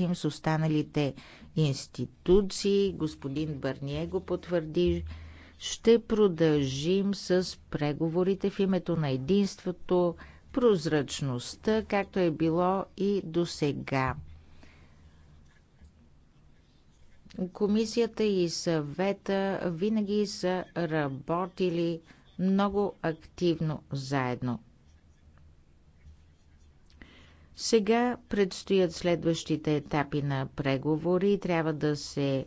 работим с останалите институции. Господин Бърние го потвърди. Ще продължим с преговорите в името на единството, прозрачността, както е било и до сега. Комисията и съвета винаги са работили много активно заедно. Сега предстоят следващите етапи на преговори. Трябва да се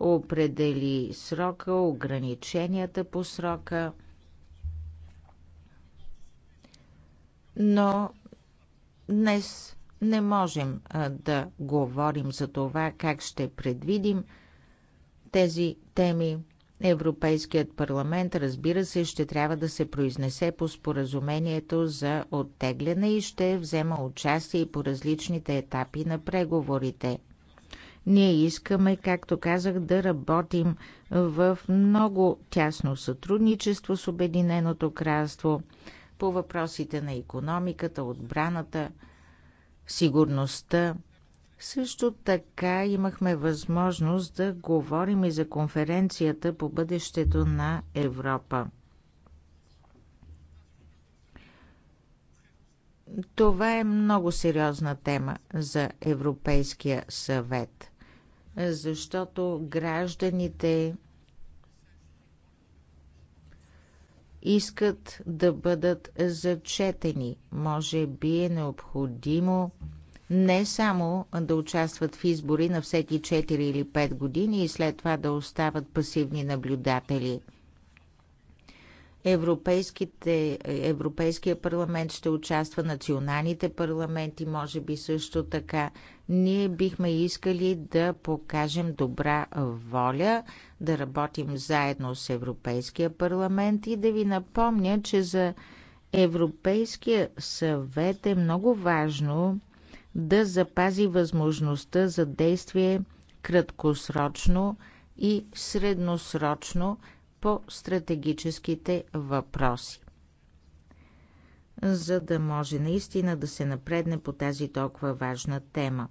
определи срока, ограниченията по срока. Но днес не можем да говорим за това как ще предвидим тези теми. Европейският парламент, разбира се, ще трябва да се произнесе по споразумението за оттегляне и ще взема участие по различните етапи на преговорите. Ние искаме, както казах, да работим в много тясно сътрудничество с Обединеното кралство по въпросите на економиката, отбраната, сигурността, също така имахме възможност да говорим и за конференцията по бъдещето на Европа. Това е много сериозна тема за Европейския съвет, защото гражданите искат да бъдат зачетени. Може би е необходимо не само да участват в избори на всеки 4 или 5 години и след това да остават пасивни наблюдатели. Европейските, Европейския парламент ще участва, националните парламенти може би също така. Ние бихме искали да покажем добра воля, да работим заедно с Европейския парламент и да ви напомня, че за Европейския съвет е много важно да запази възможността за действие краткосрочно и средносрочно по стратегическите въпроси, за да може наистина да се напредне по тази толкова важна тема.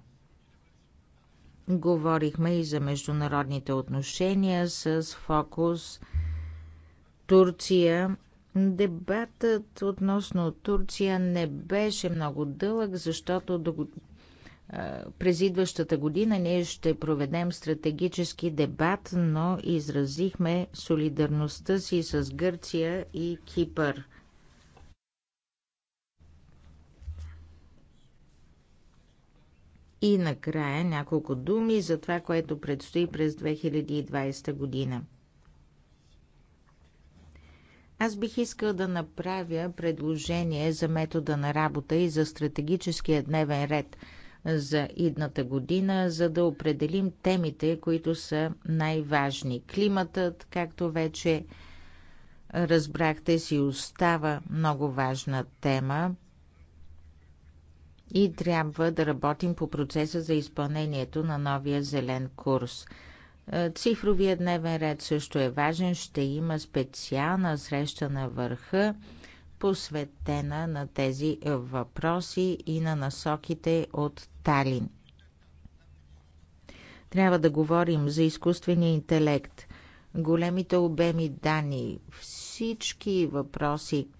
Говорихме и за международните отношения с фокус Турция Дебатът относно Турция не беше много дълъг, защото до през идващата година ние ще проведем стратегически дебат, но изразихме солидарността си с Гърция и Кипър. И накрая няколко думи за това, което предстои през 2020 година. Аз бих искал да направя предложение за метода на работа и за стратегическия дневен ред за идната година, за да определим темите, които са най-важни. Климатът, както вече разбрахте, си остава много важна тема и трябва да работим по процеса за изпълнението на новия зелен курс – е, Цифровия дневен ред също е важен. Ще има специална среща на върха, посветена на тези въпроси и на насоките от Талин. Трябва да говорим за изкуствения интелект, големите обеми данни, всички въпроси –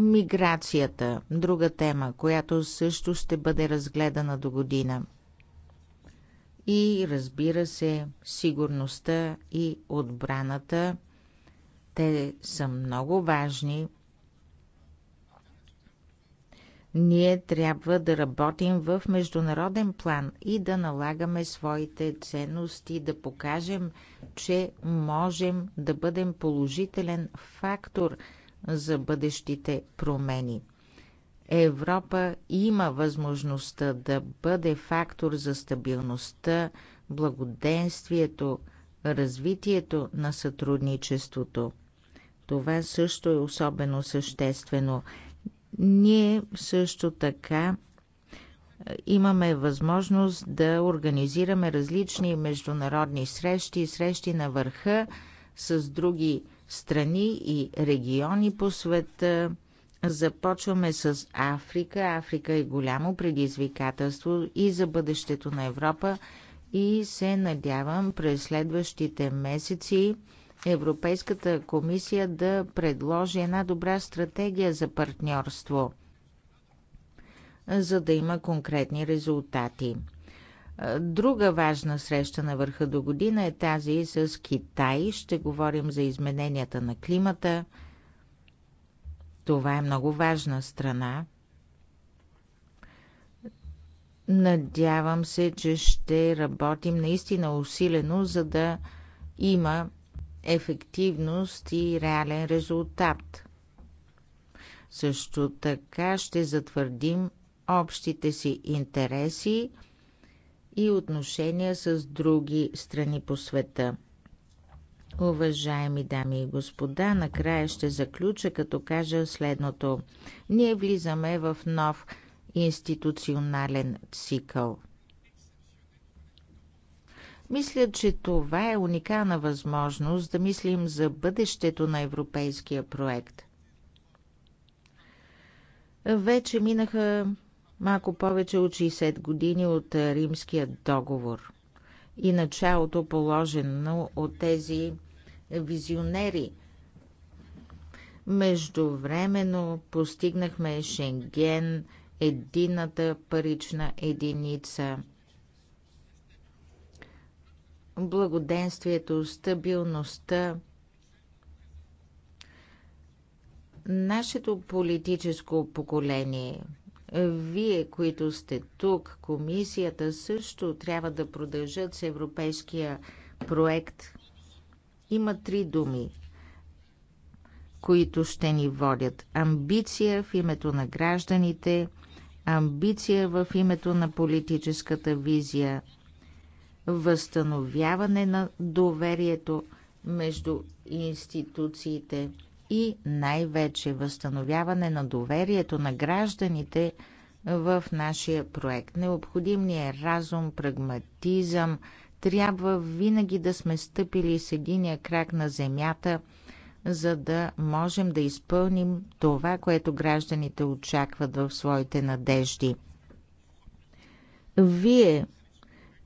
Миграцията – друга тема, която също ще бъде разгледана до година. И разбира се, сигурността и отбраната – те са много важни. Ние трябва да работим в международен план и да налагаме своите ценности, да покажем, че можем да бъдем положителен фактор – за бъдещите промени. Европа има възможността да бъде фактор за стабилността, благоденствието, развитието на сътрудничеството. Това също е особено съществено. Ние също така е, имаме възможност да организираме различни международни срещи, срещи на върха с други страни и региони по света. Започваме с Африка. Африка е голямо предизвикателство и за бъдещето на Европа и се надявам през следващите месеци Европейската комисия да предложи една добра стратегия за партньорство, за да има конкретни резултати. Друга важна среща на върха до година е тази с Китай. Ще говорим за измененията на климата. Това е много важна страна. Надявам се, че ще работим наистина усилено, за да има ефективност и реален резултат. Също така ще затвърдим общите си интереси – и отношения с други страни по света. Уважаеми дами и господа, накрая ще заключа като кажа следното. Ние влизаме в нов институционален цикъл. Мисля, че това е уникална възможност да мислим за бъдещето на европейския проект. Вече минаха малко повече от 60 години от е, Римския договор и началото положено от тези визионери. Междувременно постигнахме Шенген, едината парична единица. Благоденствието, стабилността. Нашето политическо поколение – вие, които сте тук, комисията също трябва да продължат с европейския проект. Има три думи, които ще ни водят. Амбиция в името на гражданите, амбиция в името на политическата визия, възстановяване на доверието между институциите – и най-вече възстановяване на доверието на гражданите в нашия проект. Необходим ни е разум, прагматизъм. Трябва винаги да сме стъпили с единия крак на земята, за да можем да изпълним това, което гражданите очакват в своите надежди. Вие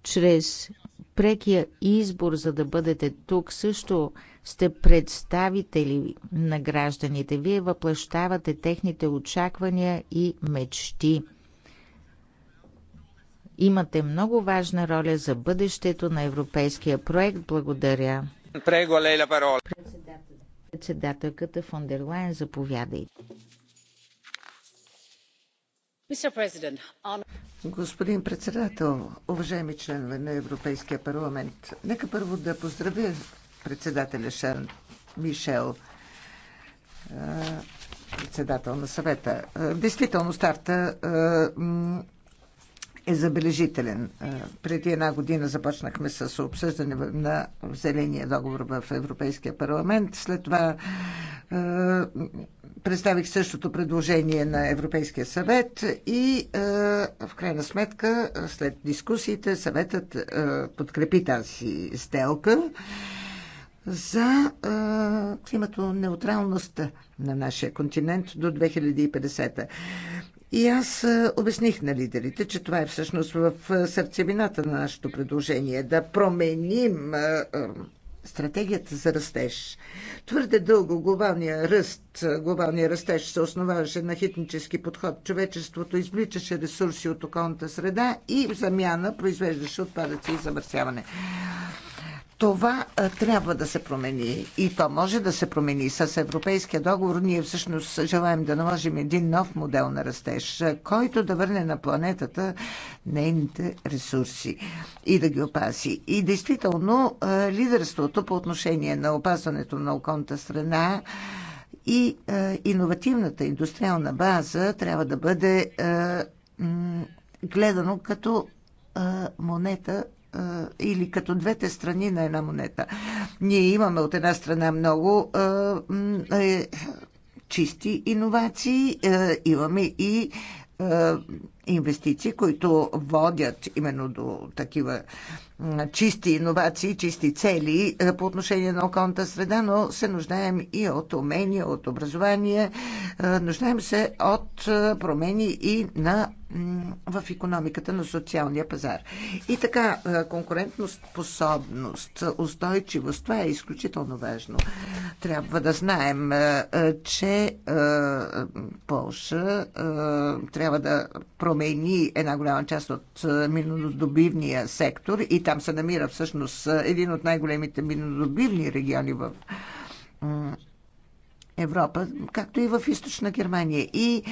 чрез Прекия избор, за да бъдете тук, също сте представители на гражданите. Вие въплащавате техните очаквания и мечти. Имате много важна роля за бъдещето на европейския проект. Благодаря. Прего, лей ла парола. Председателката фон дер заповядайте. Um, Господин председател, уважаеми членове на Европейския парламент, нека първо да поздравя председателя Шарл Мишел, председател на съвета. Действително старта е забележителен. Преди една година започнахме с обсъждане на зеления договор в Европейския парламент. След това представих същото предложение на Европейския съвет и в крайна сметка след дискусиите съветът подкрепи тази сделка за климатонеутралността на нашия континент до 2050. И аз обясних на лидерите, че това е всъщност в сърцевината на нашето предложение да променим стратегията за растеж. Твърде дълго глобалния ръст, глобалния растеж се основаваше на хитнически подход. Човечеството извличаше ресурси от околната среда и в замяна произвеждаше отпадъци и замърсяване. Това а, трябва да се промени и то може да се промени. С Европейския договор ние всъщност желаем да наложим един нов модел на растеж, който да върне на планетата нейните ресурси и да ги опаси. И действително а, лидерството по отношение на опазването на околната страна и а, иновативната индустриална база трябва да бъде а, гледано като а, монета или като двете страни на една монета. Ние имаме от една страна много е, чисти иновации, имаме и инвестиции, които водят именно до такива чисти иновации, чисти цели е, по отношение на околната среда, но се нуждаем и от умения, от образование, е, нуждаем се от е, промени и на, в економиката на социалния пазар. И така, способност, устойчивост, това е изключително важно. Трябва да знаем, че Полша трябва да промени една голяма част от минодобивния сектор и там се намира всъщност един от най-големите минодобивни региони в Европа, както и в източна Германия. И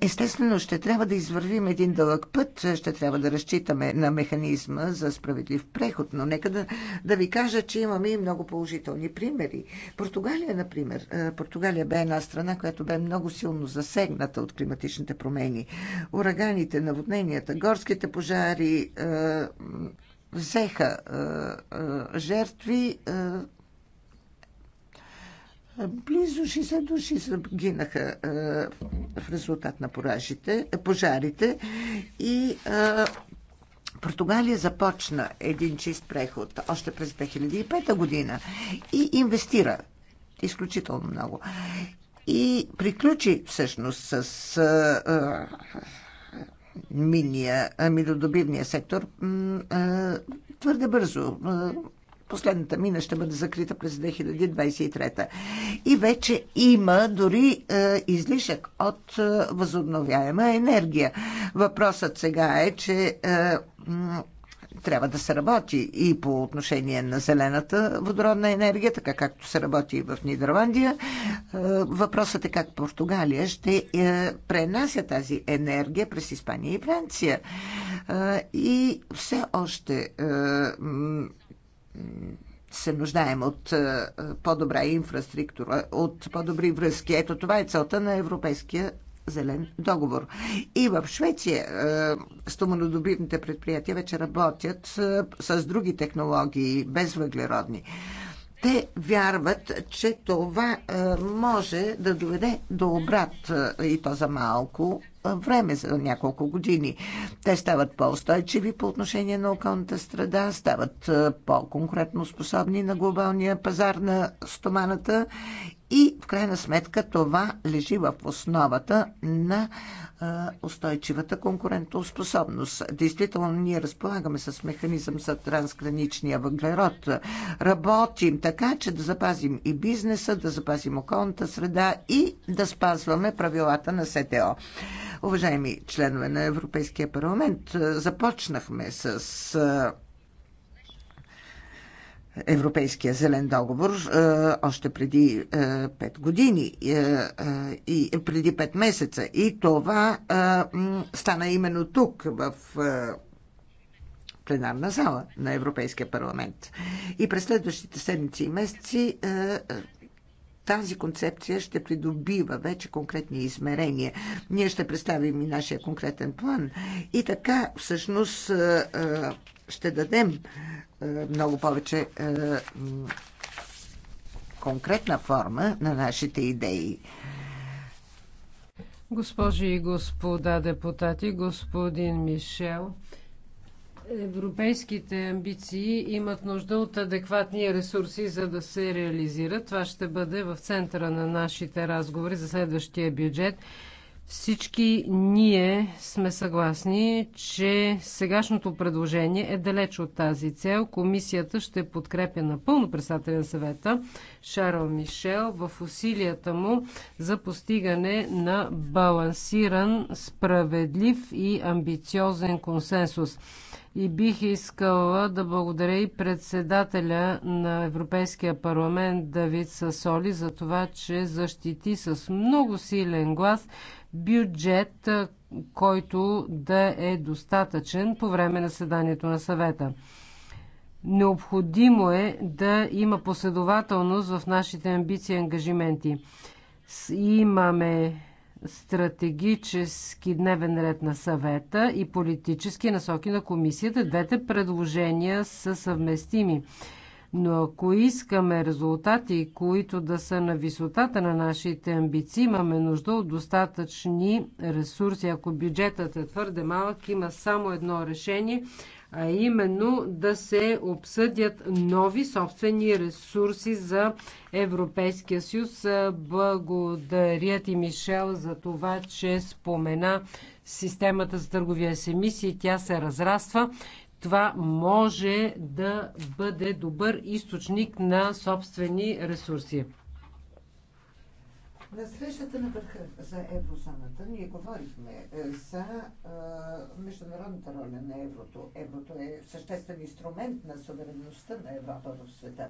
естествено ще трябва да извървим един дълъг път, ще трябва да разчитаме на механизма за справедлив преход. Но нека да, да ви кажа, че имаме и много положителни примери. Португалия, например. Португалия бе една страна, която бе много силно засегната от климатичните промени. Ураганите, наводненията, горските пожари, взеха е, е, жертви. Е, близо 60 души загинаха в резултат на поражите, пожарите и Португалия започна един чист преход още през 2005 година и инвестира изключително много. И приключи всъщност с миния, минодобивния сектор твърде бързо. Последната мина ще бъде закрита през 2023. И вече има дори е, излишък от е, възобновяема енергия. Въпросът сега е, че е, трябва да се работи и по отношение на зелената водородна енергия, така както се работи и в Нидерландия. Е, въпросът е как Португалия ще е, пренася тази енергия през Испания и Франция. Е, и все още се нуждаем от по-добра инфраструктура, от по-добри връзки. Ето това е целта на Европейския зелен договор. И в Швеция е, стоманодобивните предприятия вече работят е, с други технологии, безвъглеродни. Те вярват, че това е, може да доведе до обрат и то за малко време, за няколко години. Те стават по-устойчиви по отношение на околната страда, стават по-конкретно способни на глобалния пазар на стоманата и в крайна сметка това лежи в основата на устойчивата конкурентоспособност. Действително ние разполагаме с механизъм за трансграничния въглерод. Работим така, че да запазим и бизнеса, да запазим околната среда и да спазваме правилата на СТО. Уважаеми членове на Европейския парламент, започнахме с Европейския зелен договор е, още преди 5 е, години е, и преди 5 месеца. И това стана именно тук, в пленарна зала на Европейския парламент. И през следващите седмици и месеци тази концепция ще придобива вече конкретни измерения. Ние ще представим и нашия конкретен план. И така, всъщност, ще дадем е, много повече е, конкретна форма на нашите идеи. Госпожи и господа депутати, господин Мишел, Европейските амбиции имат нужда от адекватни ресурси, за да се реализират. Това ще бъде в центъра на нашите разговори за следващия бюджет. Всички ние сме съгласни, че сегашното предложение е далеч от тази цел. Комисията ще подкрепя напълно председателя на съвета Шарл Мишел в усилията му за постигане на балансиран, справедлив и амбициозен консенсус. И бих искала да благодаря и председателя на Европейския парламент Давид Сасоли за това, че защити с много силен глас бюджет, който да е достатъчен по време на съданието на съвета. Необходимо е да има последователност в нашите амбиции и ангажименти. Имаме стратегически дневен ред на съвета и политически насоки на комисията. Двете предложения са съвместими. Но ако искаме резултати, които да са на висотата на нашите амбиции, имаме нужда от достатъчни ресурси. Ако бюджетът е твърде малък, има само едно решение, а именно да се обсъдят нови собствени ресурси за Европейския съюз. Благодаря ти, Мишел, за това, че спомена системата за търговия с емисии. Тя се разраства това може да бъде добър източник на собствени ресурси. На срещата на върха за еврозоната ние говорихме е, за а, е, международната роля на еврото. Еврото е съществен инструмент на суверенността на Европа в света.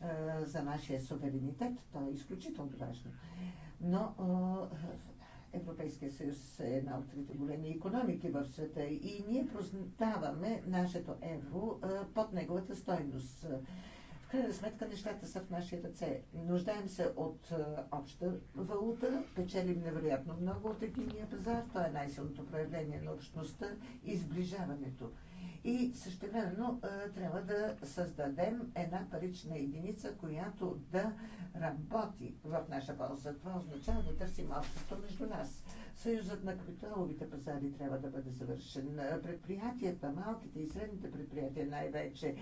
А, е, за нашия суверенитет то е изключително важно. Но а, Европейския съюз е една от трите големи економики в света и ние прознаваме нашето евро под неговата стойност. В крайна сметка нещата са в наши ръце. Нуждаем се от обща валута, печелим невероятно много от единия пазар. Това е най-силното проявление на общността и сближаването. И същевременно трябва да създадем една парична единица, която да работи в наша полза. Това означава да търсим общото между нас. Съюзът на капиталовите пазари трябва да бъде завършен. Предприятията, малките и средните предприятия най-вече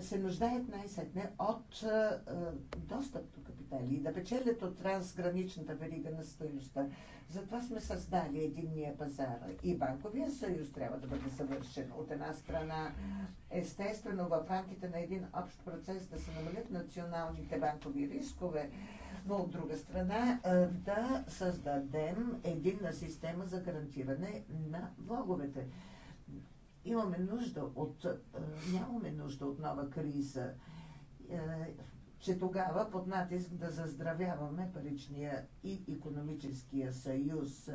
се нуждаят най-сетне от е, е, достъп до капитали и да печелят от трансграничната верига на стоеността. Затова сме създали единния пазар и банковия съюз трябва да бъде завършен. От една страна, естествено, в рамките на един общ процес да се намалят националните банкови рискове, но от друга страна е, да създадем единна система за гарантиране на влоговете имаме нужда от, е, нямаме нужда от нова криза, е, че тогава под натиск да заздравяваме паричния и економическия съюз.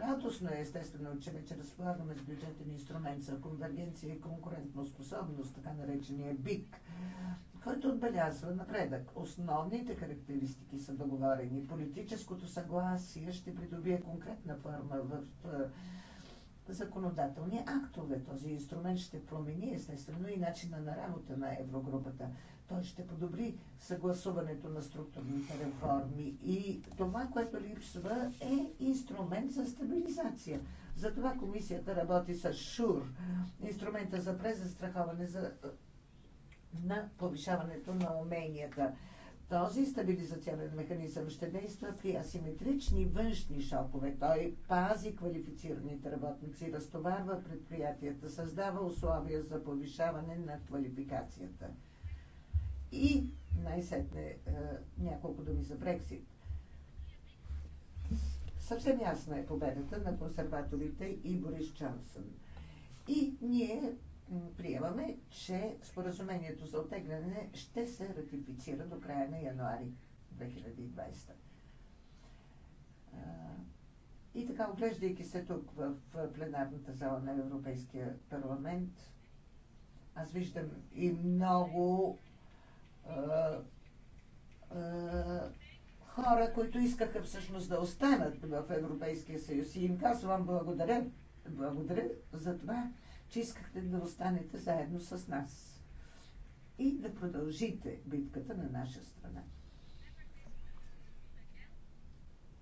Радостно е естествено, че вече разполагаме с бюджетен инструмент за конвергенция и конкурентоспособност, така наречения БИК, който отбелязва напредък. Основните характеристики са договорени. Политическото съгласие ще придобие конкретна форма в е, законодателни актове. Този инструмент ще промени естествено и начина на работа на Еврогрупата. Той ще подобри съгласуването на структурните реформи. И това, което липсва, е инструмент за стабилизация. Затова комисията работи с ШУР, инструмента за презастраховане за, на повишаването на уменията. Този стабилизационен механизъм ще действа при асиметрични външни шокове. Той пази квалифицираните работници, разтоварва предприятията, създава условия за повишаване на квалификацията. И най-сетне е, няколко думи за Брексит. Съвсем ясна е победата на консерваторите и Борис Чансън. И ние приемаме, че споразумението за отегляне ще се ратифицира до края на януари 2020. И така, оглеждайки се тук в пленарната зала на Европейския парламент, аз виждам и много е, е, хора, които искаха всъщност да останат в Европейския съюз. И им казвам благодаря, благодаря за това, че искахте да останете заедно с нас и да продължите битката на наша страна.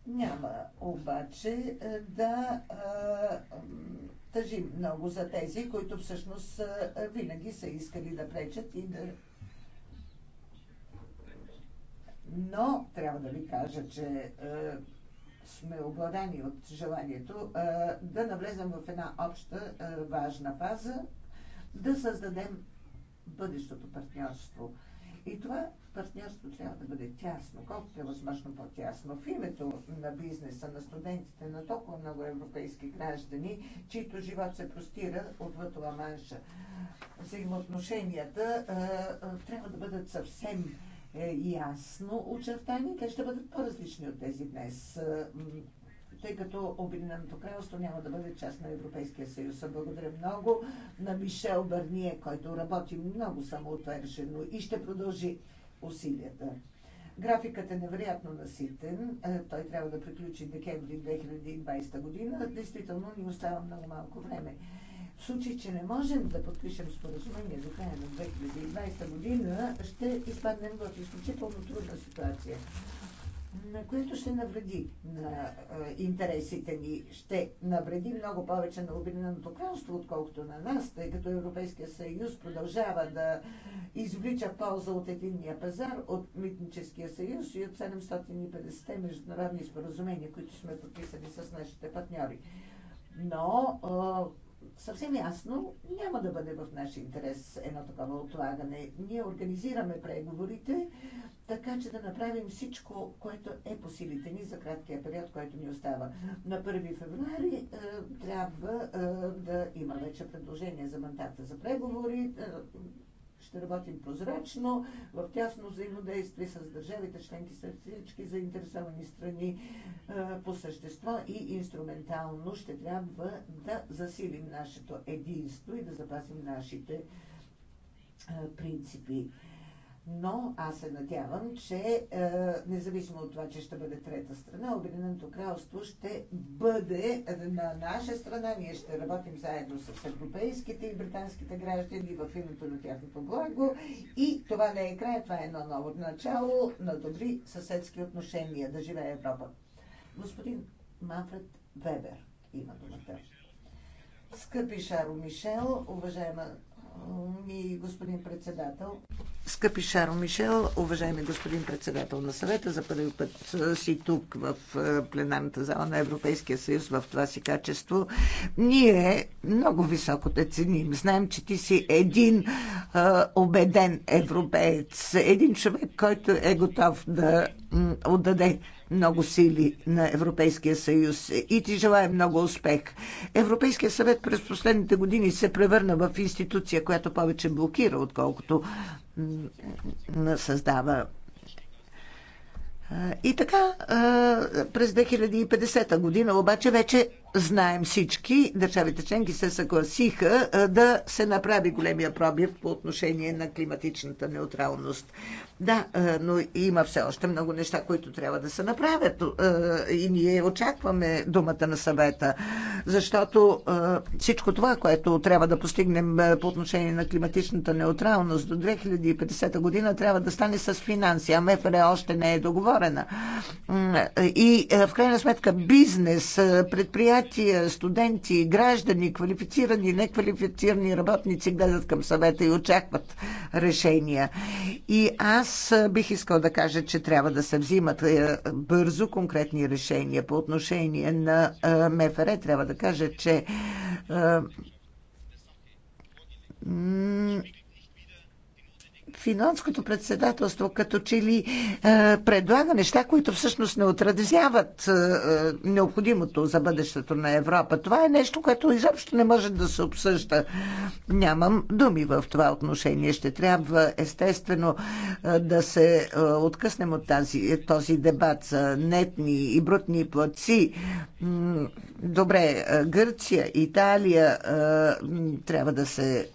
Няма обаче е, да а, е, тъжим много за тези, които всъщност е, винаги са искали да пречат и да. Но трябва да ви кажа, че а, сме обладани от желанието да навлезем в една обща важна фаза, да създадем бъдещото партньорство. И това партньорство трябва да бъде тясно, колкото е възможно по-тясно. В името на бизнеса, на студентите, на толкова много европейски граждани, чието живот се простира отвъд манша Взаимоотношенията а, а, трябва да бъдат съвсем е ясно очертани. Те ще бъдат по-различни от тези днес, е, тъй като Обединеното кралство няма да бъде част на Европейския съюз. Благодаря много на Мишел Бърние, който работи много самоотвержено и ще продължи усилията. Графикът е невероятно наситен. Е, той трябва да приключи декември 2020 година. Действително ни остава много малко време. В случай, че не можем да подпишем споразумение до края на 2020 година, ще изпаднем в изключително трудна ситуация, на което ще навреди на интересите ни, ще навреди много повече на Обединеното кралство, отколкото на нас, тъй като Европейския съюз продължава да извлича полза от единния пазар, от Митническия съюз и от 750 международни споразумения, които сме подписали с нашите партньори. Но съвсем ясно няма да бъде в наш интерес едно такова отлагане. Ние организираме преговорите, така че да направим всичко, което е по силите ни за краткия период, който ни остава. На 1 февруари е, трябва е, да има вече предложение за мандата за преговори. Е, ще работим прозрачно, в тясно взаимодействие с държавите, членки, с всички заинтересовани страни е, по същество и инструментално ще трябва да засилим нашето единство и да запазим нашите е, принципи но аз се надявам, че е, независимо от това, че ще бъде трета страна, Обединеното кралство ще бъде на наша страна. Ние ще работим заедно с европейските и британските граждани в името на тяхното благо. И това не е край, това е едно ново начало на добри съседски отношения. Да живее Европа. Господин Манфред Вебер има думата. Скъпи Шаро Мишел, уважаема ми, господин председател. Скъпи Шаро Мишел, уважаеми господин председател на съвета, за първи път си тук в пленарната зала на Европейския съюз в това си качество. Ние много високо те ценим. Знаем, че ти си един а, убеден европеец, един човек, който е готов да отдаде много сили на Европейския съюз и ти желая много успех. Европейския съвет през последните години се превърна в институция, която повече блокира, отколкото създава и така, през 2050 година обаче вече Знаем всички, държавите членки се съгласиха да се направи големия пробив по отношение на климатичната неутралност. Да, но има все още много неща, които трябва да се направят. И ние очакваме думата на съвета, защото всичко това, което трябва да постигнем по отношение на климатичната неутралност до 2050 година, трябва да стане с финанси. А МФР още не е договорена. И в крайна сметка бизнес, предприятия, предприятия, студенти, граждани, квалифицирани, неквалифицирани работници гледат към съвета и очакват решения. И аз бих искал да кажа, че трябва да се взимат е, бързо конкретни решения по отношение на е, МФР. Трябва да кажа, че е, финландското председателство като че ли е, предлага неща, които всъщност не отразяват е, е, необходимото за бъдещето на Европа. Това е нещо, което изобщо не може да се обсъжда. Нямам думи в това отношение. Ще трябва естествено да се откъснем от тази, този дебат за нетни и брутни плаци. Добре, Гърция, Италия трябва да се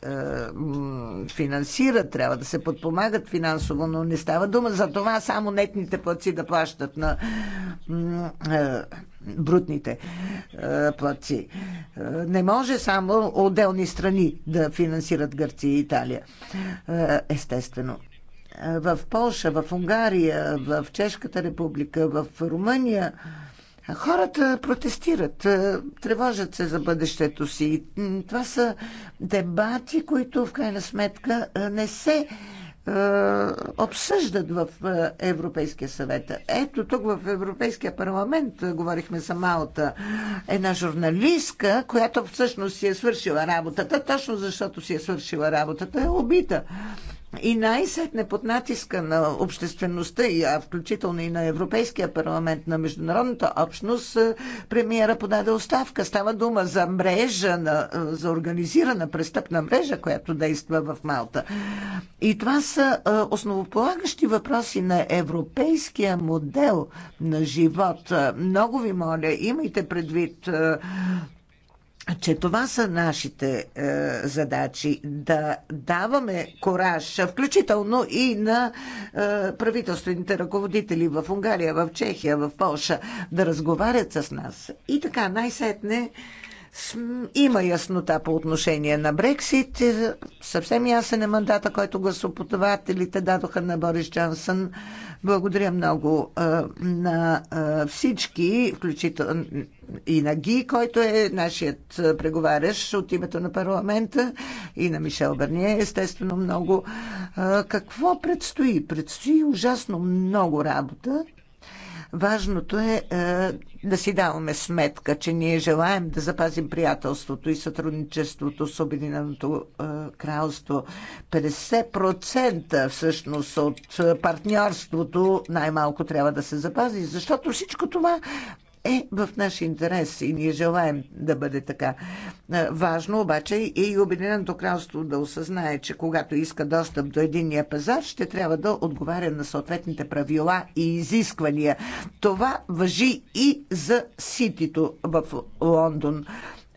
финансират, трябва да се подпочват подпомагат финансово, но не става дума за това само нетните плаци да плащат на брутните плаци. Не може само отделни страни да финансират Гърция и Италия. Естествено в Польша, в Унгария, в Чешката република, в Румъния. Хората протестират, тревожат се за бъдещето си. Това са дебати, които в крайна сметка не се е, обсъждат в е, Европейския съвет. Ето тук в Европейския парламент е, говорихме за Малта. Една журналистка, която всъщност си е свършила работата, точно защото си е свършила работата, е убита. И най-сетне под натиска на обществеността, и включително и на Европейския парламент, на международната общност, е, премиера подаде оставка. Става дума за мрежа, на, е, за организирана престъпна мрежа, която действа в Малта. И това са е, основополагащи въпроси на европейския модел на живот. Много ви моля, имайте предвид че това са нашите е, задачи да даваме кораж, включително и на е, правителствените ръководители в Унгария, в Чехия, в Полша, да разговарят с нас. И така, най-сетне има яснота по отношение на Брексит. Е, съвсем ясен е мандата, който гласоподавателите дадоха на Борис Джонсън. Благодаря много е, на е, всички, включително и на Ги, който е нашият преговарящ от името на парламента, и на Мишел Берние, естествено много. Какво предстои? Предстои ужасно много работа Важното е, е да си даваме сметка, че ние желаем да запазим приятелството и сътрудничеството с Обединеното е, кралство. 50% всъщност от е, партньорството най-малко трябва да се запази, защото всичко това е в наш интерес и ние желаем да бъде така. Важно обаче е и Обединеното кралство да осъзнае, че когато иска достъп до единния пазар, ще трябва да отговаря на съответните правила и изисквания. Това въжи и за Ситито в Лондон.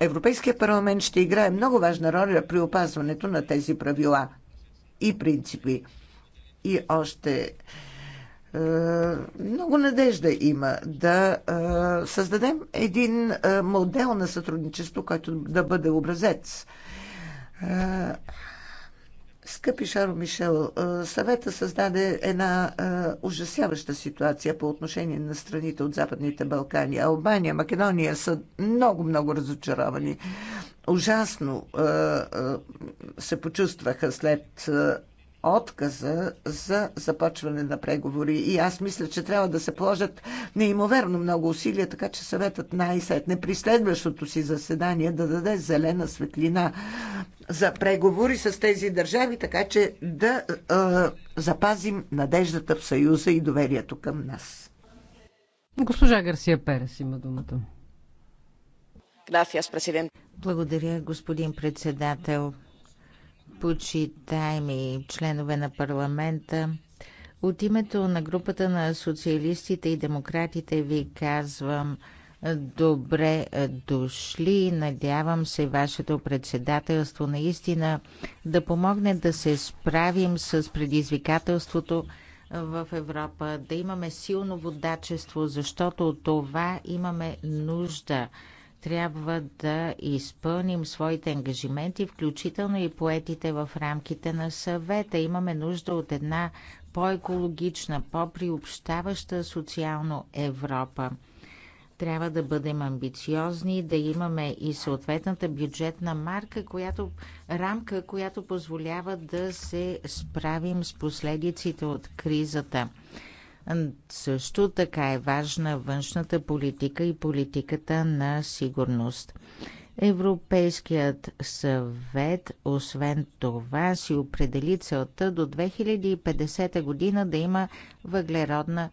Европейския парламент ще играе много важна роля при опазването на тези правила и принципи. И още е, много надежда има да е, създадем един е, модел на сътрудничество, който да бъде образец. Скъпи Шаро Мишел, съвета създаде една ужасяваща ситуация по отношение на страните от Западните Балкани. Албания, Македония са много-много разочаровани. Ужасно се почувстваха след отказа за започване на преговори. И аз мисля, че трябва да се положат неимоверно много усилия, така че съветът най-сетне при следващото си заседание да даде зелена светлина за преговори с тези държави, така че да е, запазим надеждата в Съюза и доверието към нас. Госпожа Гарсия Перес има думата. Благодаря, господин председател. Почитаеми членове на парламента, от името на групата на социалистите и демократите ви казвам добре дошли. Надявам се вашето председателство наистина да помогне да се справим с предизвикателството в Европа, да имаме силно водачество, защото от това имаме нужда – трябва да изпълним своите ангажименти, включително и поетите в рамките на съвета. Имаме нужда от една по-екологична, по-приобщаваща социално Европа. Трябва да бъдем амбициозни, да имаме и съответната бюджетна марка, която, рамка, която позволява да се справим с последиците от кризата. Също така е важна външната политика и политиката на сигурност. Европейският съвет, освен това, си определи целта до 2050 година да има въглеродна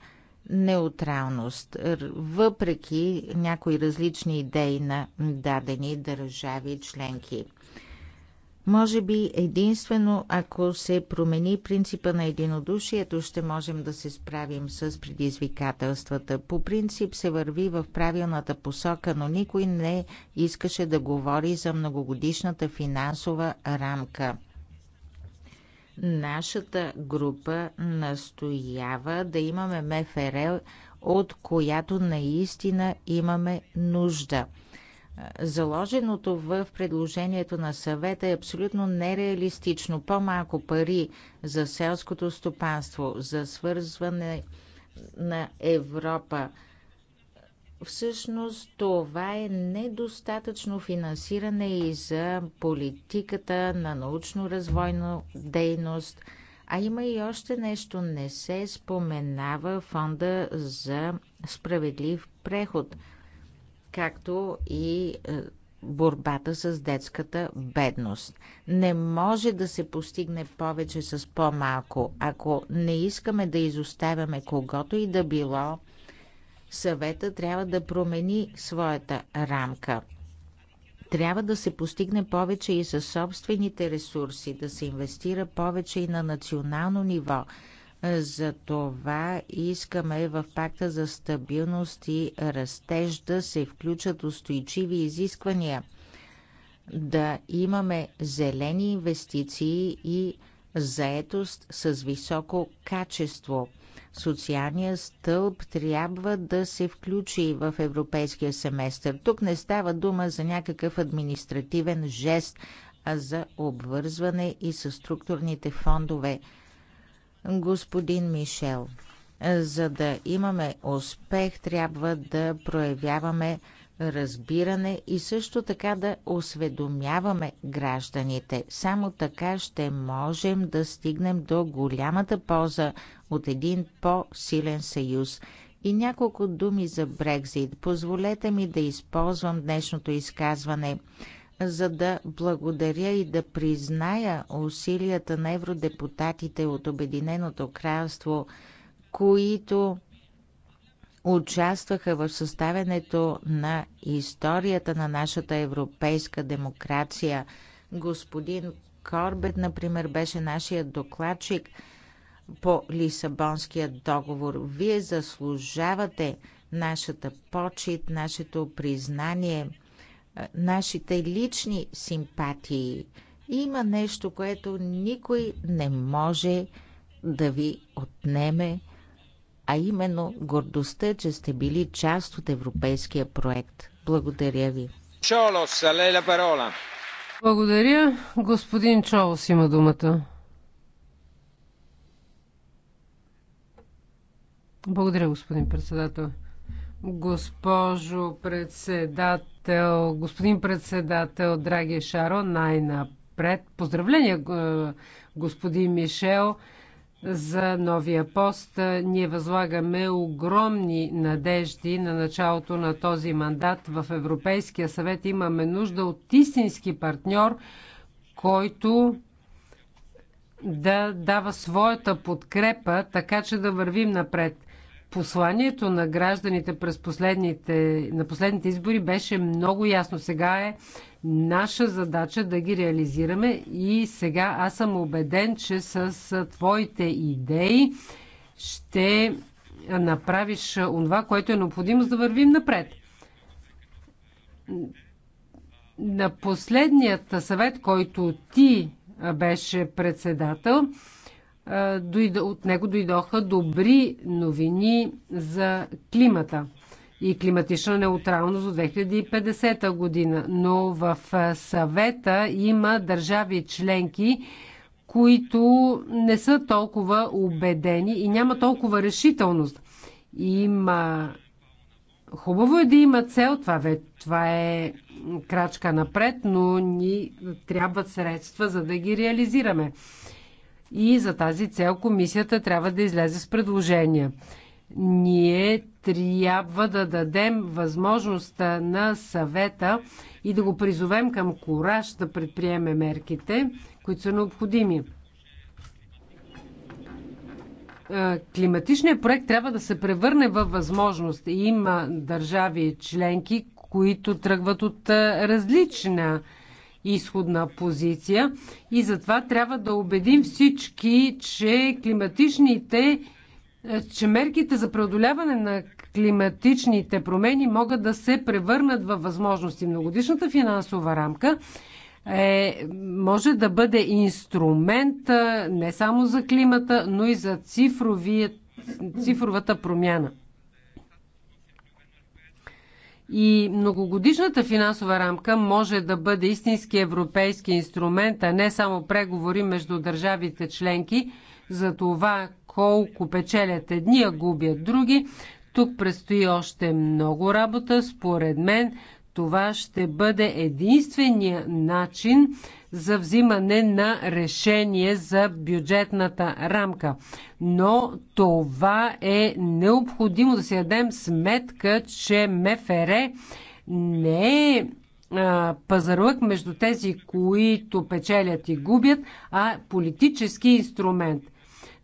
неутралност, въпреки някои различни идеи на дадени държави членки. Може би единствено ако се промени принципа на единодушието, ще можем да се справим с предизвикателствата. По принцип се върви в правилната посока, но никой не искаше да говори за многогодишната финансова рамка. Нашата група настоява да имаме МФР, от която наистина имаме нужда – Заложеното в предложението на съвета е абсолютно нереалистично. По-малко пари за селското стопанство, за свързване на Европа. Всъщност това е недостатъчно финансиране и за политиката на научно-развойна дейност. А има и още нещо. Не се споменава фонда за справедлив преход – както и е, борбата с детската бедност. Не може да се постигне повече с по-малко, ако не искаме да изоставяме когото и да било. Съвета трябва да промени своята рамка. Трябва да се постигне повече и със собствените ресурси, да се инвестира повече и на национално ниво – за това искаме в пакта за стабилност и растеж да се включат устойчиви изисквания, да имаме зелени инвестиции и заетост с високо качество. Социалният стълб трябва да се включи в европейския семестър. Тук не става дума за някакъв административен жест, а за обвързване и с структурните фондове – господин Мишел. За да имаме успех, трябва да проявяваме разбиране и също така да осведомяваме гражданите. Само така ще можем да стигнем до голямата полза от един по-силен съюз. И няколко думи за Брекзит. Позволете ми да използвам днешното изказване за да благодаря и да призная усилията на евродепутатите от Обединеното кралство, които участваха в съставянето на историята на нашата европейска демокрация. Господин Корбет, например, беше нашият докладчик по Лисабонския договор. Вие заслужавате нашата почет, нашето признание – е, нашите лични симпатии. Има нещо, което никой не може да ви отнеме, а именно гордостта, че сте били част от европейския проект. Благодаря ви. Чолос, але ла парола. Благодаря. Господин Чолос има думата. Благодаря, господин председател. Госпожо председател, председател, господин председател, драги Шаро, най-напред. Поздравления, господин Мишел, за новия пост. Ние възлагаме огромни надежди на началото на този мандат в Европейския съвет. Имаме нужда от истински партньор, който да дава своята подкрепа, така че да вървим напред – посланието на гражданите през последните, на последните избори беше много ясно. Сега е наша задача да ги реализираме и сега аз съм убеден, че с твоите идеи ще направиш онова, което е необходимо за да вървим напред. На последният съвет, който ти беше председател, от него дойдоха добри новини за климата и климатична неутралност до 2050 година. Но в съвета има държави членки, които не са толкова убедени и няма толкова решителност. Има Хубаво е да има цел, това, бе, това е крачка напред, но ни трябват средства, за да ги реализираме. И за тази цел комисията трябва да излезе с предложения. Ние трябва да дадем възможност на съвета и да го призовем към кураж да предприеме мерките, които са необходими е, климатичният проект трябва да се превърне във възможност. Има държави членки, които тръгват от е, различна изходна позиция и затова трябва да убедим всички, че климатичните е, че мерките за преодоляване на климатичните промени могат да се превърнат във възможности. Многодишната финансова рамка е, може да бъде инструмент е, не само за климата, но и за цифровия, цифровата промяна. И многогодишната финансова рамка може да бъде истински европейски инструмент, а не само преговори между държавите членки за това колко печелят едни, а губят други. Тук предстои още много работа. Според мен това ще бъде единствения начин за взимане на решение за бюджетната рамка. Но това е необходимо да си дадем сметка, че МФР е не е пазарлък между тези, които печелят и губят, а политически инструмент.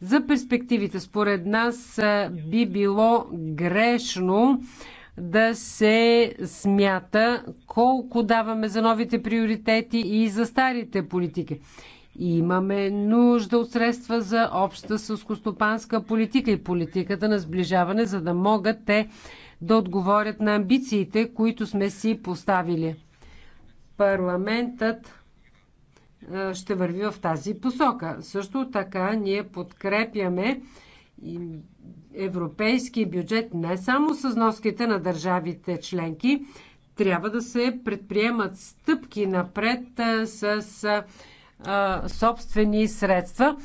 За перспективите, според нас би било грешно да се смята колко даваме за новите приоритети и за старите политики. Имаме нужда от средства за обща съскостопанска политика и политиката на сближаване, за да могат те да отговорят на амбициите, които сме си поставили. Парламентът ще върви в тази посока. Също така ние подкрепяме европейски бюджет не само с носките на държавите членки, трябва да се предприемат стъпки напред с а, собствени средства.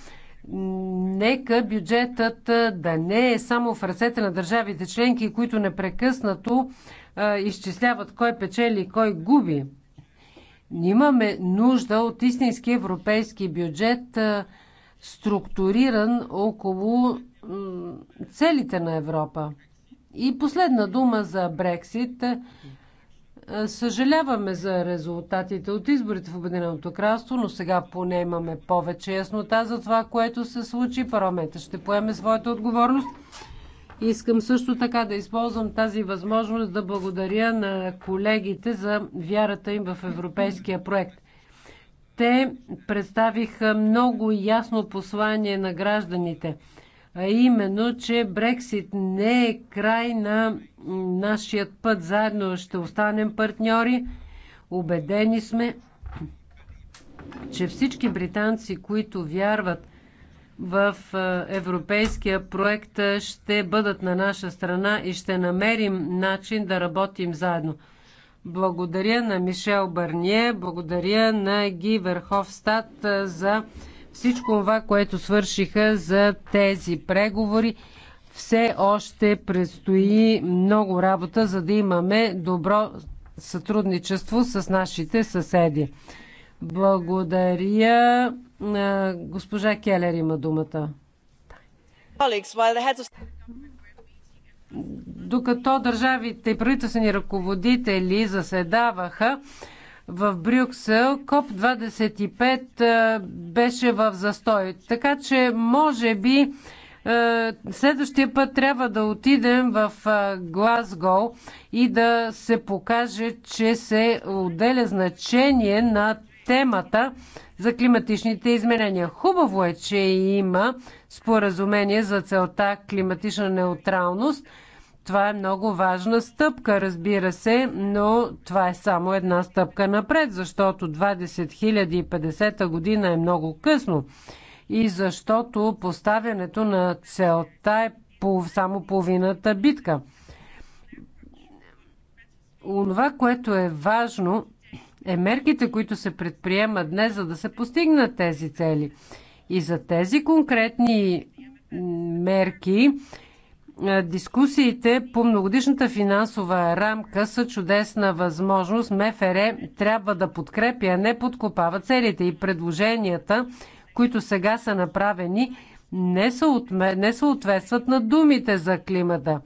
Нека бюджетът да не е само в ръцете на държавите членки, които непрекъснато а, изчисляват кой печели и кой губи. Имаме нужда от истински европейски бюджет, а, структуриран около целите на Европа. И последна дума за Брексит. Е, съжаляваме за резултатите от изборите в Обединеното кралство, но сега поне имаме повече яснота за това, което се случи. Парламентът ще поеме своята отговорност. Искам също така да използвам тази възможност да благодаря на колегите за вярата им в европейския проект. Те представиха много ясно послание на гражданите – а именно, че Брексит не е край на нашият път. Заедно ще останем партньори. Убедени сме, че всички британци, които вярват в европейския проект, ще бъдат на наша страна и ще намерим начин да работим заедно. Благодаря на Мишел Барние, благодаря на Ги Верховстат за всичко това, което свършиха за тези преговори, все още предстои много работа, за да имаме добро сътрудничество с нашите съседи. Благодаря. Госпожа Келер има думата. Докато държавите и правителствени ръководители заседаваха, в Брюксел, КОП-25 беше в застой. Така че, може би, следващия път трябва да отидем в Глазго и да се покаже, че се отделя значение на темата за климатичните изменения. Хубаво е, че има споразумение за целта климатична неутралност – това е много важна стъпка, разбира се, но това е само една стъпка напред, защото 2050 година е много късно и защото поставянето на целта е само половината битка. Онова, което е важно, е мерките, които се предприемат днес, за да се постигнат тези цели. И за тези конкретни мерки е, дискусиите по многодишната финансова рамка са чудесна възможност. МФР трябва да подкрепя, а не подкопава целите и предложенията, които сега са направени, не, съотме, не съответстват на думите за климата.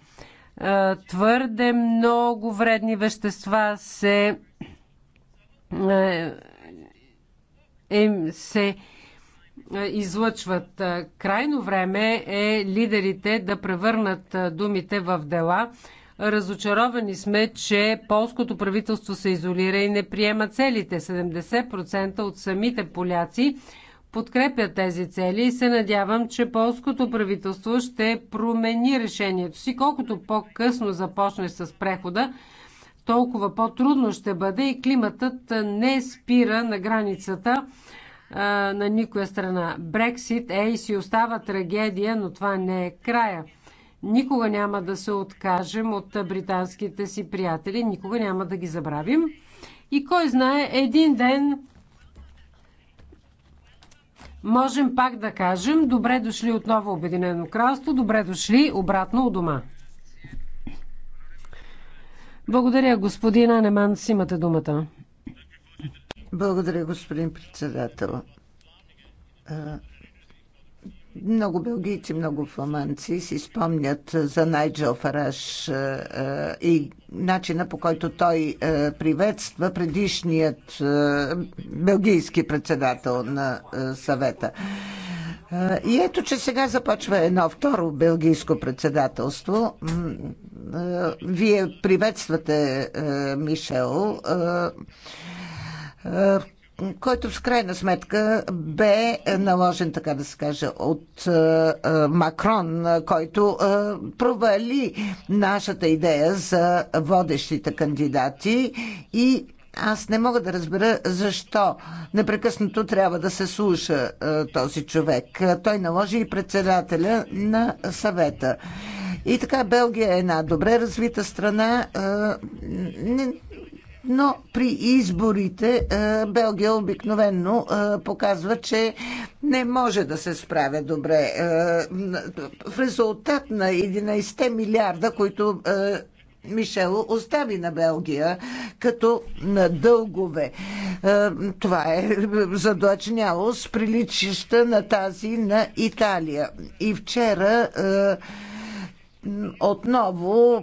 Е, твърде много вредни вещества се, е, се е, излъчват. Е, крайно време е лидерите да превърнат е, думите в дела. Разочаровани сме, че полското правителство се изолира и не приема целите. 70% от самите поляци подкрепят тези цели и се надявам, че полското правителство ще промени решението си. Колкото по-късно започне с прехода, толкова по-трудно ще бъде и климатът не спира на границата на никоя страна. Брексит е и си остава трагедия, но това не е края. Никога няма да се откажем от британските си приятели, никога няма да ги забравим. И кой знае, един ден можем пак да кажем добре дошли отново Обединено кралство, добре дошли обратно у дома. Благодаря, господина Неман, си имате думата. Благодаря, господин председател. Много белгийци, много фламанци си спомнят за Найджел Фараш и начина по който той приветства предишният белгийски председател на съвета. И ето, че сега започва едно второ белгийско председателство. Вие приветствате Мишел който в крайна сметка бе наложен, така да се каже, от е, е, Макрон, който е, провали нашата идея за водещите кандидати и аз не мога да разбера защо непрекъснато трябва да се слуша този човек. Той наложи и председателя на съвета. И така, Белгия е една добре развита страна. Не, но при изборите е, Белгия обикновенно е, показва, че не може да се справя добре. Е, в резултат на 11 милиарда, които Мишел остави на Белгия като на дългове. Това е задлъчняло с приличища на тази на Италия. И вчера отново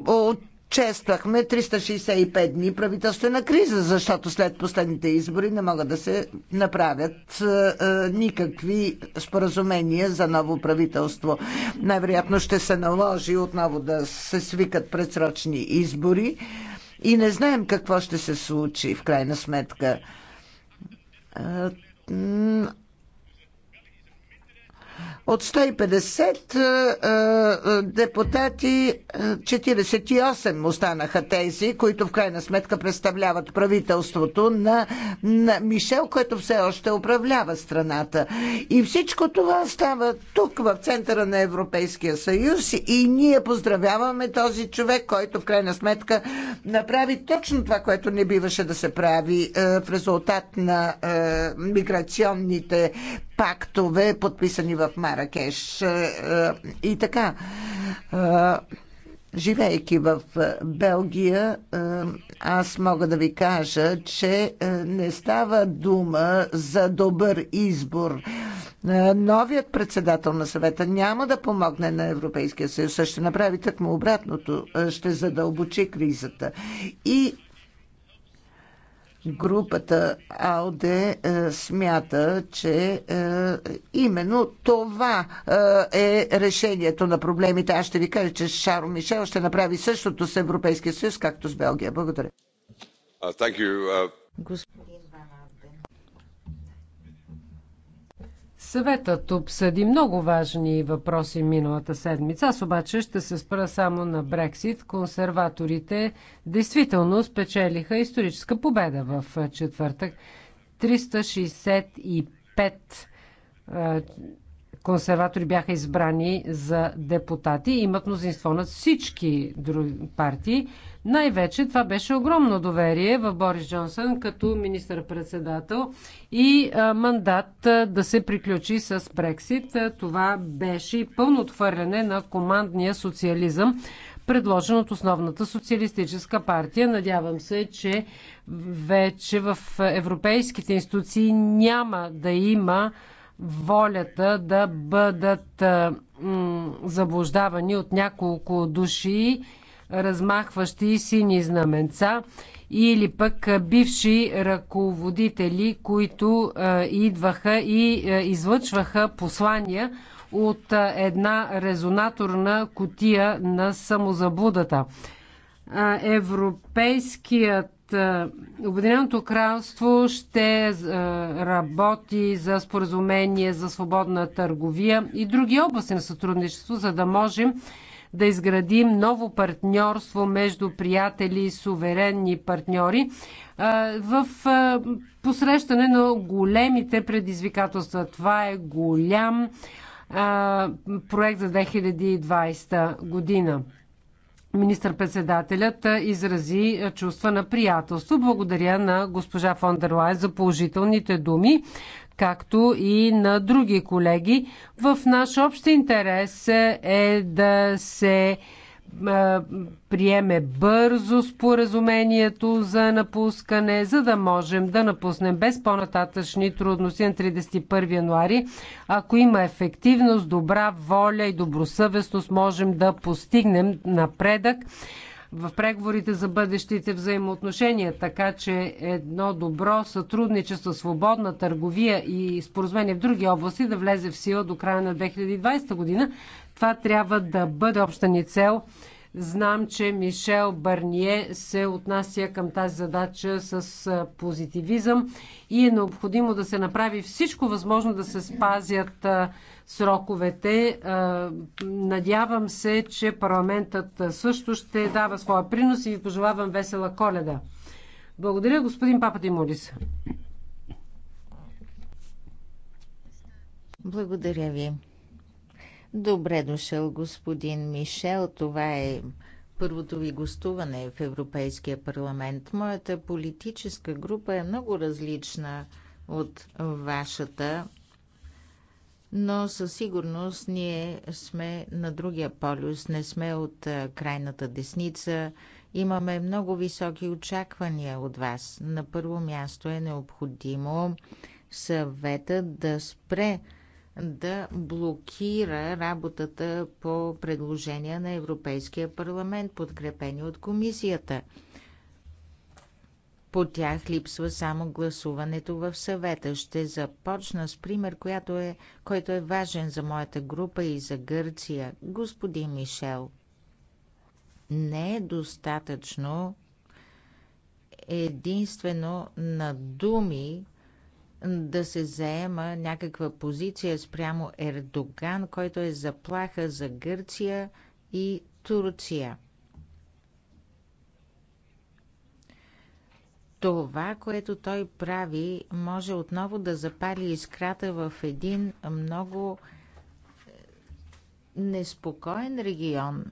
чествахме 365 дни правителствена криза, защото след последните избори не могат да се направят е, е, никакви споразумения за ново правителство. Най-вероятно ще се наложи отново да се свикат предсрочни избори и не знаем какво ще се случи в крайна сметка е, от 150 е, е, депутати, 48 е, останаха тези, които в крайна сметка представляват правителството на, на Мишел, което все още управлява страната. И всичко това става тук, в центъра на Европейския съюз и ние поздравяваме този човек, който в крайна сметка направи точно това, което не биваше да се прави в резултат на миграционните пактове, подписани в Маракеш. Е, е, и така, е, живейки в Белгия, аз мога да ви кажа, че не става дума за добър избор. Новият председател на съвета няма да помогне на Европейския съюз, ще направи тъкмо обратното, ще задълбочи кризата. И групата АЛДЕ е, смята, че е, именно това е, е решението на проблемите. Аз ще ви кажа, че Шаро Мишел ще направи същото с Европейския съюз, както с Белгия. Благодаря. Uh, uh, Господин Съветът обсъди много важни въпроси миналата седмица. Аз обаче ще се спра само на Брексит. Консерваторите действително спечелиха историческа победа в четвъртък. 365 консерватори бяха избрани за депутати и имат мнозинство над всички други партии. Най-вече това беше огромно доверие в Борис Джонсън като министър-председател и мандат да се приключи с Брексит. Това беше и пълно отхвърляне на командния социализъм, предложен от основната социалистическа партия. Надявам се, че вече в европейските институции няма да има волята да бъдат заблуждавани от няколко души, размахващи сини знаменца или пък бивши ръководители, които идваха и излъчваха послания от една резонаторна котия на самозаблудата. Европейският е, Обединеното кралство ще е, работи за споразумение за свободна търговия и други области на сътрудничество, за да можем да изградим ново партньорство между приятели и суверенни партньори е, в посрещане на големите предизвикателства. Това е голям проект за 2020 година. Министър-председателят изрази чувства на приятелство. Благодаря на госпожа фон дер Лайн за положителните думи, както и на други колеги. В наш общ интерес е да се приеме бързо споразумението за напускане, за да можем да напуснем без по-нататъчни трудности на 31 януари. Ако има ефективност, добра воля и добросъвестност, можем да постигнем напредък в преговорите за бъдещите взаимоотношения, така че едно добро сътрудничество, свободна търговия и споразумение в други области да влезе в сила до края на 2020 година, това трябва да бъде обща ни цел. Знам, че Мишел Барние се отнася към тази задача с позитивизъм и е необходимо да се направи всичко възможно да се спазят сроковете. Надявам се, че парламентът също ще дава своя принос и ви пожелавам весела коледа. Благодаря, господин Папа Димулис. Благодаря ви. Добре дошъл, господин Мишел. Това е първото ви гостуване в Европейския парламент. Моята политическа група е много различна от вашата, но със сигурност ние сме на другия полюс, не сме от крайната десница. Имаме много високи очаквания от вас. На първо място е необходимо съветът да спре да блокира работата по предложения на Европейския парламент, подкрепени от комисията. По тях липсва само гласуването в съвета. Ще започна с пример, която е, който е важен за моята група и за Гърция. Господин Мишел, не е достатъчно единствено на думи да се заема някаква позиция спрямо Ердоган, който е заплаха за Гърция и Турция. Това, което той прави, може отново да запали искрата в един много е, неспокоен регион.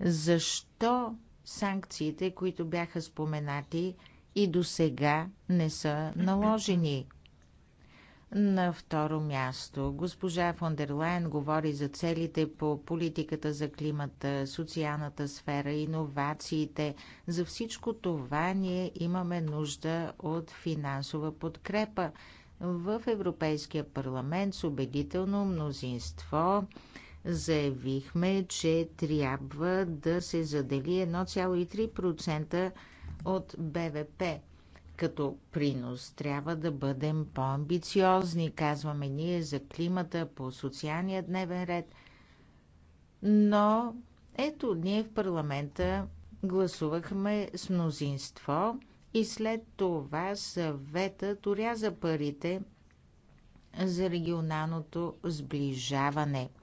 Защо санкциите, които бяха споменати, и до сега не са наложени. На второ място, госпожа фон дер говори за целите по политиката за климата, социалната сфера, иновациите. За всичко това ние имаме нужда от финансова подкрепа. В Европейския парламент с убедително мнозинство заявихме, че трябва да се задели 1,3% от БВП като принос. Трябва да бъдем по-амбициозни, казваме ние, за климата, по социалния дневен ред. Но ето, ние в парламента гласувахме с мнозинство и след това съветът уряза парите за регионалното сближаване –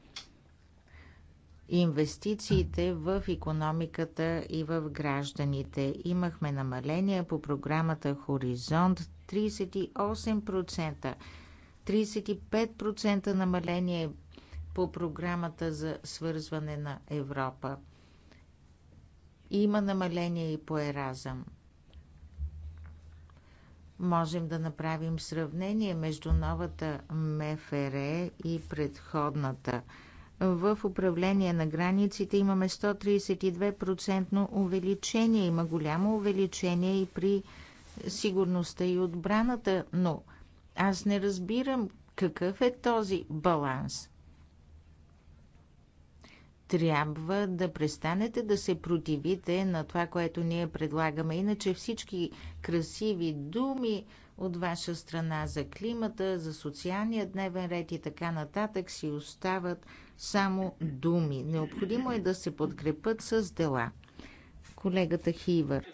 инвестициите в економиката и в гражданите. Имахме намаление по програмата Хоризонт 38%, 35% намаление по програмата за свързване на Европа. Има намаление и по Еразъм. Можем да направим сравнение между новата МФР и предходната в управление на границите имаме 132% увеличение. Има голямо увеличение и при сигурността и отбраната, но аз не разбирам какъв е този баланс. Трябва да престанете да се противите на това, което ние предлагаме. Иначе всички красиви думи от ваша страна за климата, за социалния дневен ред и така нататък си остават само думи. Необходимо е да се подкрепят с дела. Колегата Хивър.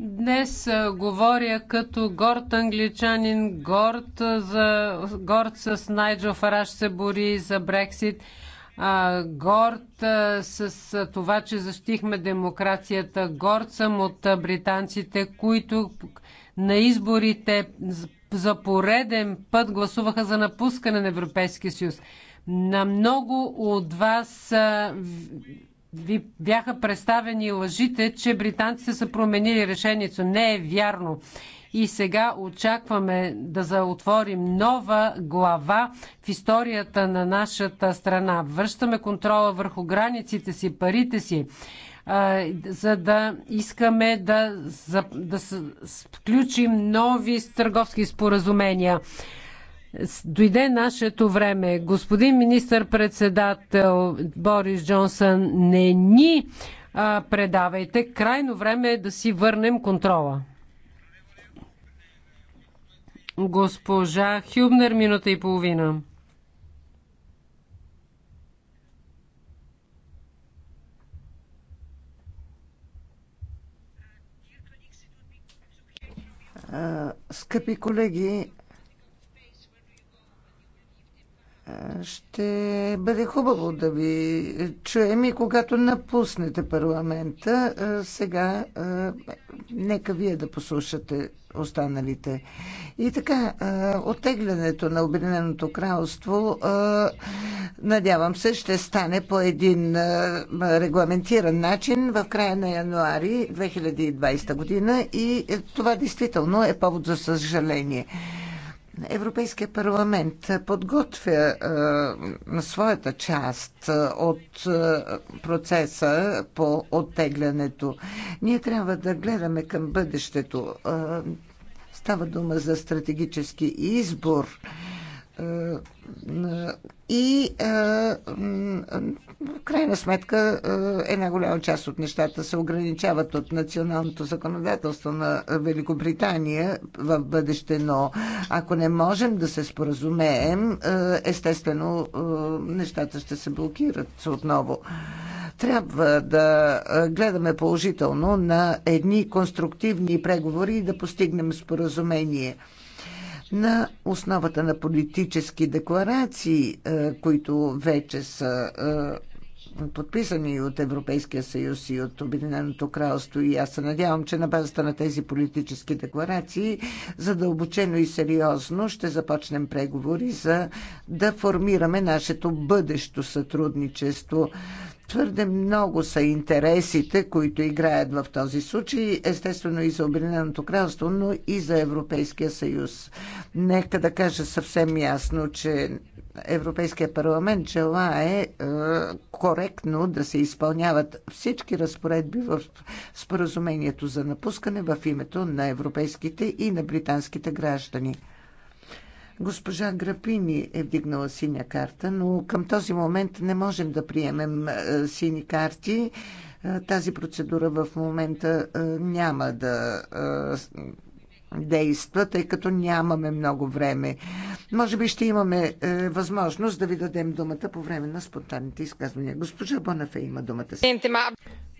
Днес говоря като горд англичанин, горд, за, горд с Найджо Фараш се бори за Брексит а, горд а, с а, това, че защитихме демокрацията. Горд съм от а, британците, които на изборите за пореден път гласуваха за напускане на Европейския съюз. На много от вас а, ви бяха представени лъжите, че британците са променили решението. Не е вярно и сега очакваме да заотворим нова глава в историята на нашата страна. Връщаме контрола върху границите си, парите си за да искаме да, за, да сключим нови търговски споразумения. Дойде нашето време. Господин министър-председател Борис Джонсън, не ни а, предавайте. Крайно време е да си върнем контрола. Госпожа Хюбнер, минута и половина. Скъпи колеги, ще бъде хубаво да ви чуем и когато напуснете парламента. Сега нека вие да послушате останалите. И така, оттеглянето на Обединеното кралство, надявам се, ще стане по един регламентиран начин в края на януари 2020 година и е, това действително е повод за съжаление. Европейския парламент подготвя на своята част от процеса по оттеглянето. Ние трябва да гледаме към бъдещето. Става дума за стратегически избор е, е, и е, в крайна сметка една голяма част от нещата се ограничават от националното законодателство на Великобритания в бъдеще, но ако не можем да се споразумеем, естествено нещата ще се блокират отново. Трябва да гледаме положително на едни конструктивни преговори и да постигнем споразумение на основата на политически декларации, е, които вече са е, подписани от Европейския съюз и от Обединеното кралство. И аз се надявам, че на базата на тези политически декларации задълбочено и сериозно ще започнем преговори за да формираме нашето бъдещо сътрудничество. Твърде много са интересите, които играят в този случай, естествено и за Обединеното кралство, но и за Европейския съюз. Нека да кажа съвсем ясно, че Европейския парламент желае е, коректно да се изпълняват всички разпоредби в споразумението за напускане в името на европейските и на британските граждани. Госпожа Грапини е вдигнала синя карта, но към този момент не можем да приемем е, сини карти. Е, тази процедура в момента е, няма да действа, тъй като нямаме много време. Може би ще имаме е, възможност да ви дадем думата по време на спонтанните изказвания. Госпожа Бонафе има думата си.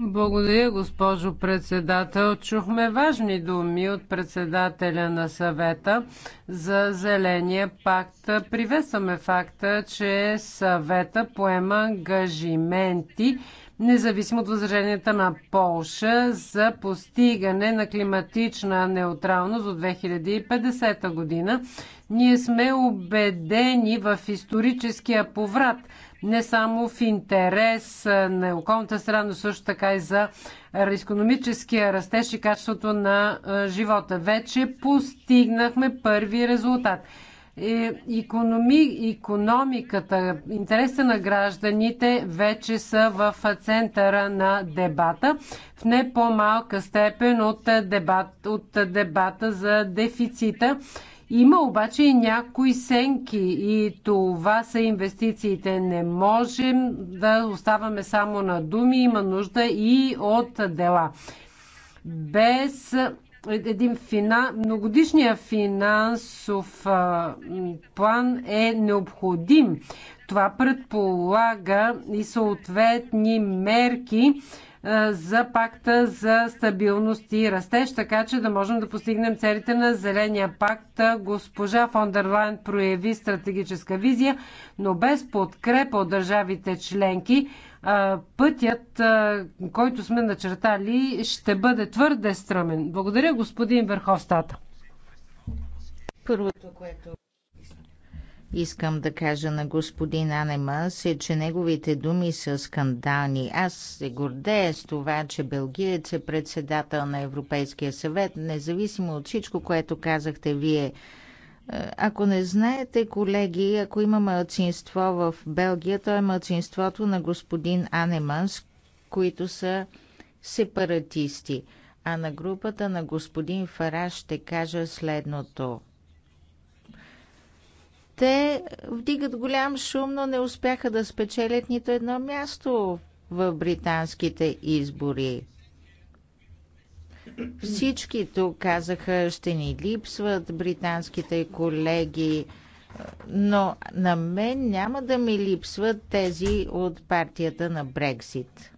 Благодаря, госпожо председател. Чухме важни думи от председателя на съвета за Зеления пакт. Приветстваме факта, че съвета поема ангажименти независимо от възраженията на Полша за постигане на климатична неутралност от 2050 година. Ние сме убедени в историческия поврат, не само в интерес на околната страна, но също така и за економическия растеж и качеството на живота. Вече постигнахме първи резултат е економи, економиката, интереса на гражданите вече са в центъра на дебата, в не по-малка степен от, дебат, от дебата за дефицита. Има обаче и някои сенки и това са инвестициите. Не можем да оставаме само на думи, има нужда и от дела. Без един фина, многодишния финансов а, план е необходим. Това предполага и съответни мерки а, за пакта за стабилност и растеж, така че да можем да постигнем целите на Зеления пакт. Госпожа Фондерлайн прояви стратегическа визия, но без подкрепа от държавите членки пътят, който сме начертали, ще бъде твърде стръмен. Благодаря, господин Верховстата. Първото, което Искам да кажа на господин Анемас е, че неговите думи са скандални. Аз се гордея с това, че белгиец е председател на Европейския съвет, независимо от всичко, което казахте вие. Е, ако не знаете, колеги, ако има мълцинство в Белгия, то е мълцинството на господин Анеманс, които са сепаратисти. А на групата на господин Фараш ще кажа следното. Те вдигат голям шум, но не успяха да спечелят нито едно място в британските избори. Всички тук казаха, ще ни липсват британските колеги, но на мен няма да ми липсват тези от партията на Брексит.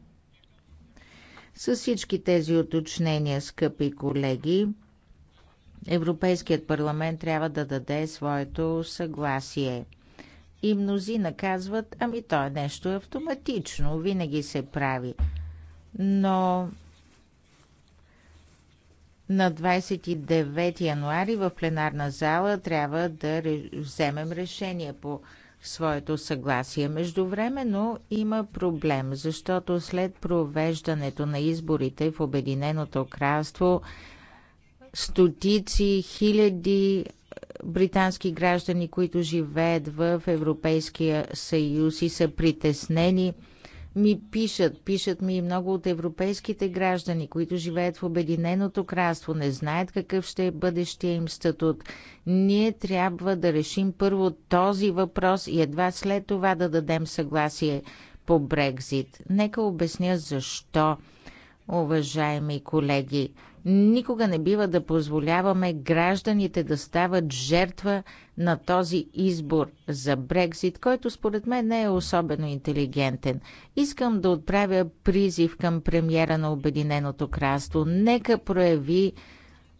С всички тези уточнения, скъпи колеги, Европейският парламент трябва да даде своето съгласие. И мнози наказват: ами то е нещо автоматично, винаги се прави. Но на 29 януари в пленарна зала трябва да вземем решение по своето съгласие. Междувременно има проблем, защото след провеждането на изборите в Обединеното кралство стотици, хиляди е, британски граждани, които живеят в Европейския съюз и са притеснени – ми пишат, пишат ми и много от европейските граждани, които живеят в Обединеното кралство, не знаят какъв ще е бъдещия им статут. Ние трябва да решим първо този въпрос и едва след това да дадем съгласие по Брекзит. Нека обясня защо уважаеми колеги. Никога не бива да позволяваме гражданите да стават жертва на този избор за Брекзит, който според мен не е особено интелигентен. Искам да отправя призив към премьера на Обединеното кралство. Нека прояви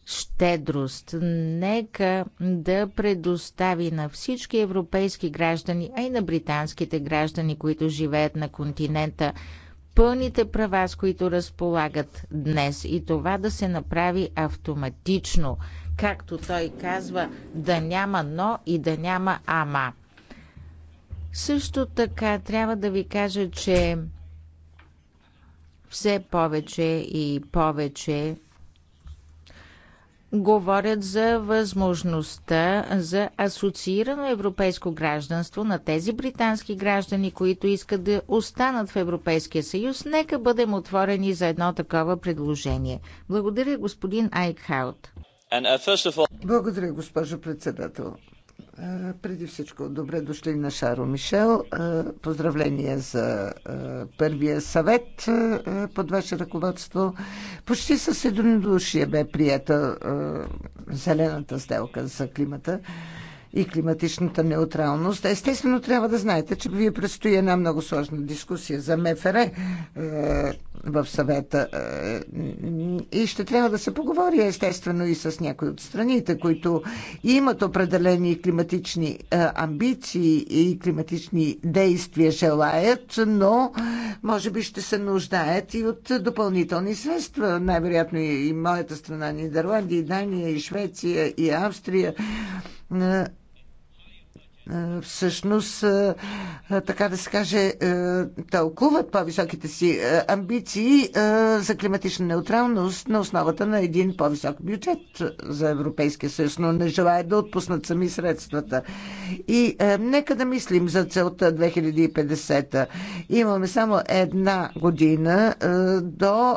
щедрост. Нека да предостави на всички европейски граждани, а и на британските граждани, които живеят на континента, пълните права, с които разполагат днес и това да се направи автоматично, както той казва, да няма но и да няма ама. Също така трябва да ви кажа, че все повече и повече говорят за възможността за асоциирано европейско гражданство на тези британски граждани, които искат да останат в Европейския съюз. Нека бъдем отворени за едно такова предложение. Благодаря, господин Айкхаут. Uh, Благодаря, госпожо председател. Е, преди всичко, добре дошли на Шаро Мишел. Е, поздравления за е, първия съвет под ваше ръководство. Почти с единодушие бе прията зелената сделка за климата и климатичната неутралност. Естествено, трябва да знаете, че ви предстои една много сложна дискусия за МФР е, в съвета. Е, и ще трябва да се поговори, естествено, и с някои от страните, които имат определени климатични е, амбиции и климатични действия желаят, но може би ще се нуждаят и от допълнителни средства. Най-вероятно и моята страна, Нидерландия, и Дания, и Швеция, и Австрия. Е, е, всъщност, е, е, така да се каже, тълкуват по-високите си амбиции за климатична неутралност на основата на един по-висок бюджет за Европейския съюз, но не желаят да отпуснат сами средствата. И нека да мислим за целта 2050. Имаме само една година до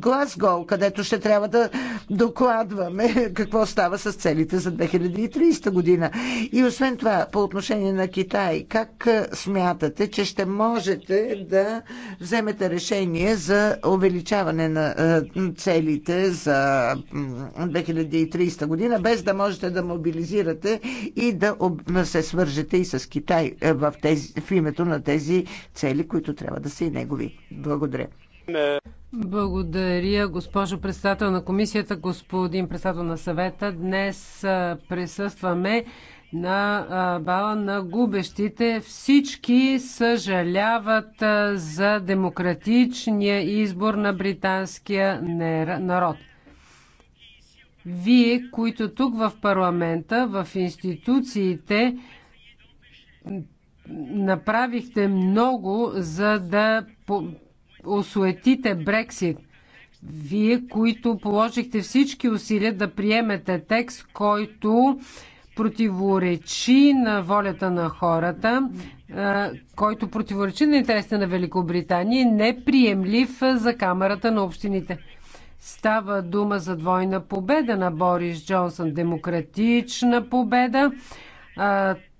Глазго, където ще трябва да докладваме какво става с целите за 2030 година. И освен освен това, по отношение на Китай, как смятате, че ще можете да вземете решение за увеличаване на целите за 2030 година, без да можете да мобилизирате и да се свържете и с Китай в, тези, в името на тези цели, които трябва да са и негови? Благодаря. Благодаря, госпожо председател на комисията, господин председател на съвета. Днес присъстваме на бала на губещите. Всички съжаляват за демократичния избор на британския народ. Вие, които тук в парламента, в институциите, направихте много, за да осуетите Брексит. Вие, които положихте всички усилия да приемете текст, който противоречи на волята на хората, който противоречи на интересите на Великобритания и неприемлив за Камерата на общините. Става дума за двойна победа на Борис Джонсън, демократична победа.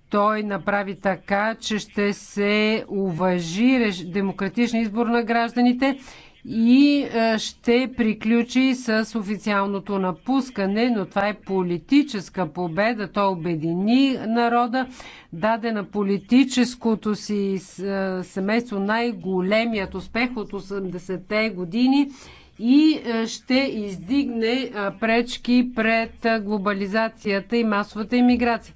Той направи така, че ще се уважи демократичен избор на гражданите и е, ще приключи с официалното напускане, но това е политическа победа. Той обедини народа, даде на политическото си е, семейство най-големият успех от 80-те години и е, ще издигне пречки пред глобализацията и масовата иммиграция.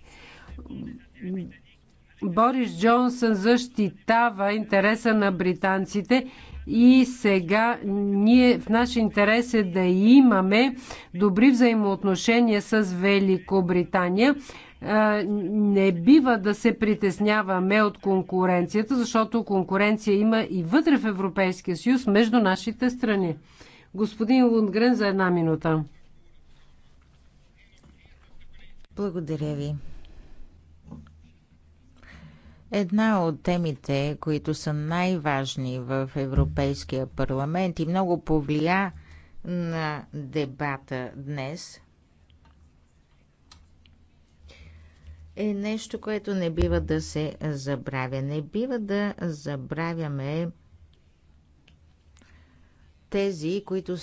Борис Джонсън защитава интереса на британците и сега ние в наш интерес е да имаме добри взаимоотношения с Великобритания е, не бива да се притесняваме от конкуренцията, защото конкуренция има и вътре в Европейския съюз между нашите страни. Господин Лундгрен за една минута. Благодаря ви. Една от темите, които са най-важни в Европейския парламент и много повлия на дебата днес, е нещо, което не бива да се забравя. Не бива да забравяме тези, които